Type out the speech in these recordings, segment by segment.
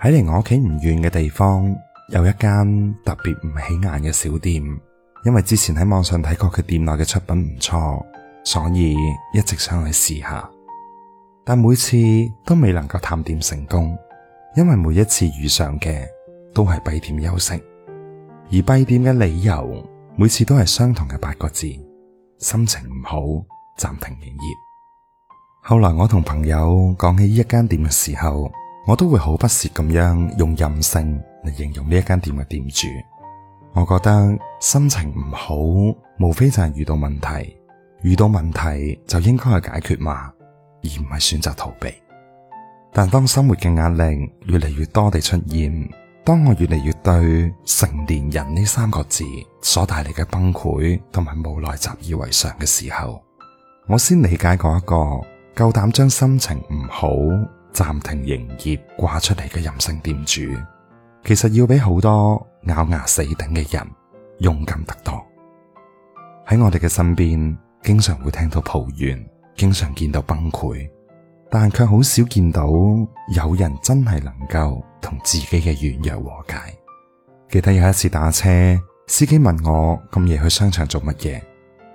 喺離我屋企唔遠嘅地方，有一間特別唔起眼嘅小店。因為之前喺網上睇過佢店內嘅出品唔錯，所以一直想去試下。但每次都未能夠探店成功，因為每一次遇上嘅都係閉店休息，而閉店嘅理由每次都係相同嘅八個字：心情唔好，暫停營業。後來我同朋友講起呢一間店嘅時候，我都會好不屑咁樣用任性嚟，形容呢一間店嘅店主。我覺得心情唔好，無非就係遇到問題，遇到問題就應該去解決嘛，而唔係選擇逃避。但當生活嘅壓力越嚟越多地出現，當我越嚟越對成年人呢三個字所帶嚟嘅崩潰同埋無奈習以為常嘅時候，我先理解嗰一個夠膽將心情唔好，暫停營業掛出嚟嘅任性店主，其實要比好多咬牙死頂嘅人勇敢得多。喺我哋嘅身邊，經常會聽到抱怨，經常見到崩潰，但卻好少見到有人真係能夠同自己嘅軟弱和解。記得有一次打車，司機問我咁夜去商場做乜嘢，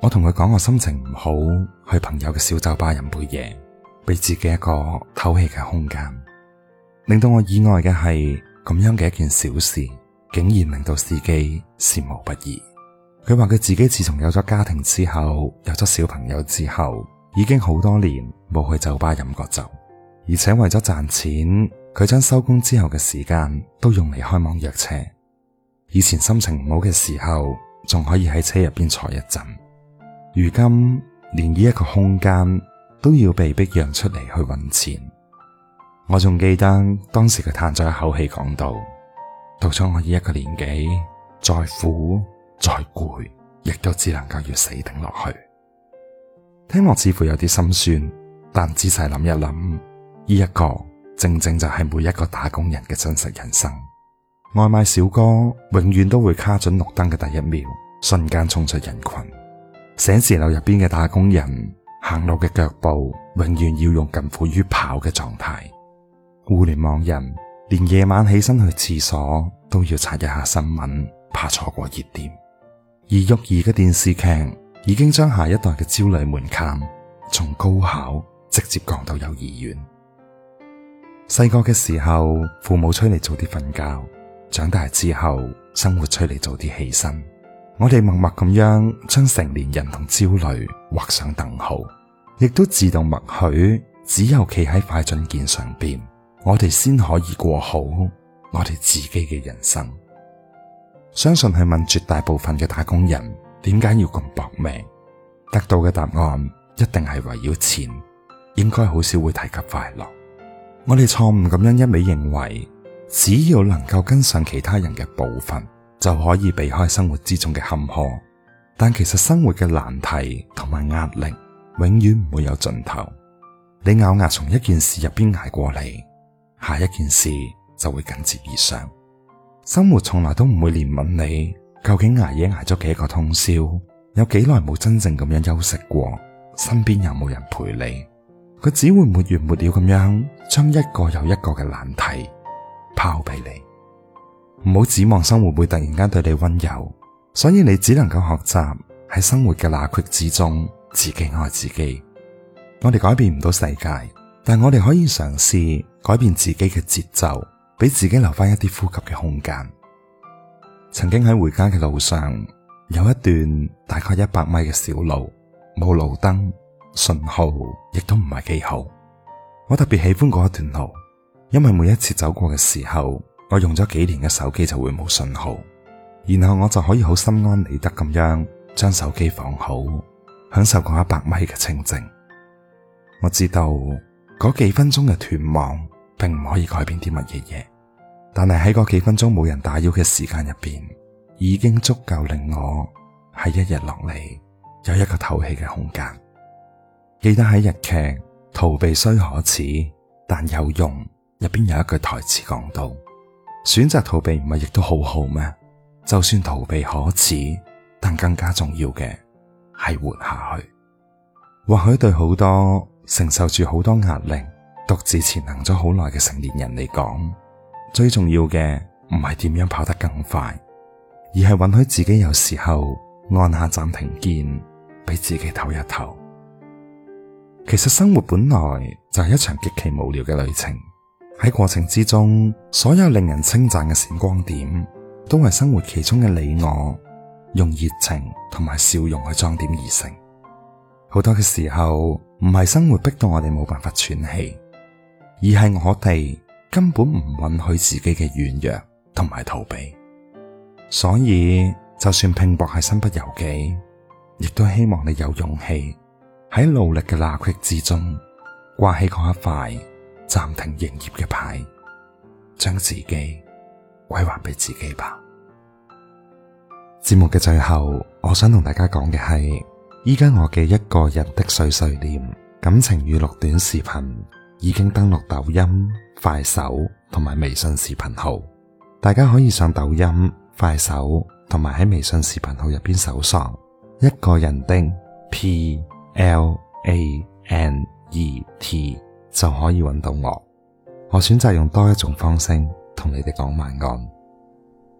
我同佢講我心情唔好，去朋友嘅小酒吧飲杯嘢。俾自己一個透氣嘅空間，令到我意外嘅係，咁樣嘅一件小事，竟然令到司機羨慕不已。佢話佢自己自從有咗家庭之後，有咗小朋友之後，已經好多年冇去酒吧飲過酒，而且為咗賺錢，佢將收工之後嘅時間都用嚟開網約車。以前心情唔好嘅時候，仲可以喺車入邊坐一陣，如今連呢一個空間。都要被逼讓出嚟，去搵錢。我仲記得當時佢嘆咗一口氣講道：到咗我呢一個年紀，再苦再攰，亦都只能夠要死頂落去。聽落似乎有啲心酸，但仔細諗一諗，呢一個正正就係每一個打工人嘅真實人生。外賣小哥永遠都會卡準綠燈嘅第一秒，瞬間衝出人群。寫字樓入邊嘅打工人。行路嘅腳步永遠要用近乎於跑嘅狀態。互聯網人連夜晚起身去廁所都要刷一下新聞，怕錯過熱點。而育兒嘅電視劇已經將下一代嘅焦慮門檻從高考直接降到幼兒園。細個嘅時候，父母催你早啲瞓覺；長大之後，生活催你早啲起身。我哋默默咁樣將成年人同焦慮畫上等號，亦都自動默許，只有企喺快進鍵上邊，我哋先可以過好我哋自己嘅人生。相信去問絕大部分嘅打工人，點解要咁搏命，得到嘅答案一定係圍繞錢，應該好少會提及快樂。我哋錯誤咁樣一味認為，只要能夠跟上其他人嘅步伐，就可以避開生活之中嘅坎坷，但其實生活嘅難題同埋壓力永遠唔會有盡頭。你咬牙從一件事入邊挨過嚟，下一件事就會緊接而上。生活從來都唔會憐憫你，究竟挨夜挨咗幾個通宵，有幾耐冇真正咁樣休息過，身邊有冇人陪你？佢只會沒完沒了咁樣將一個又一個嘅難題拋俾你。唔好指望生活會突然間對你溫柔，所以你只能夠學習喺生活嘅罅隙之中，自己愛自己。我哋改變唔到世界，但我哋可以嘗試改變自己嘅節奏，俾自己留翻一啲呼吸嘅空間。曾經喺回家嘅路上，有一段大概一百米嘅小路，冇路燈，信號亦都唔係幾好。我特別喜歡嗰一段路，因為每一次走過嘅時候，我用咗幾年嘅手機就會冇信號，然後我就可以好心安理得咁樣將手機放好，享受嗰一百米嘅清靜。我知道嗰幾分鐘嘅斷網並唔可以改變啲乜嘢嘢，但係喺嗰幾分鐘冇人打擾嘅時間入邊，已經足夠令我喺一日落嚟有一個透氣嘅空間。記得喺日劇《逃避雖可恥但有用》入邊有一句台詞講到。選擇逃避唔係亦都好好咩？就算逃避可恥，但更加重要嘅係活下去。或許對好多承受住好多壓力、獨自前行咗好耐嘅成年人嚟講，最重要嘅唔係點樣跑得更快，而係允許自己有時候按下暫停鍵，俾自己唞一唞。其實生活本來就係一場極其無聊嘅旅程。喺過程之中，所有令人稱讚嘅閃光點，都係生活其中嘅你我，用熱情同埋笑容去裝點而成。好多嘅時候，唔係生活逼到我哋冇辦法喘氣，而係我哋根本唔允許自己嘅軟弱同埋逃避。所以，就算拼搏係身不由己，亦都希望你有勇氣喺努力嘅罅隙之中，掛起嗰一塊暫停營業嘅牌，將自己歸還俾自己吧。節目嘅最後，我想同大家講嘅係，依家我嘅一個人的碎碎念感情語錄短視頻已經登錄抖音、快手同埋微信視頻號，大家可以上抖音、快手同埋喺微信視頻號入邊搜索一個人的 P L A N E T。就可以揾到我，我選擇用多一種方式同你哋講晚安。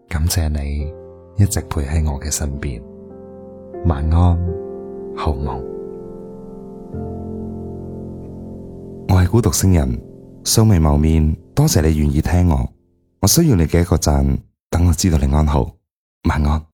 感謝你一直陪喺我嘅身邊，晚安，好夢。我係孤獨星人，素未謀面，多謝你願意聽我。我需要你嘅一個讚，等我知道你安好。晚安。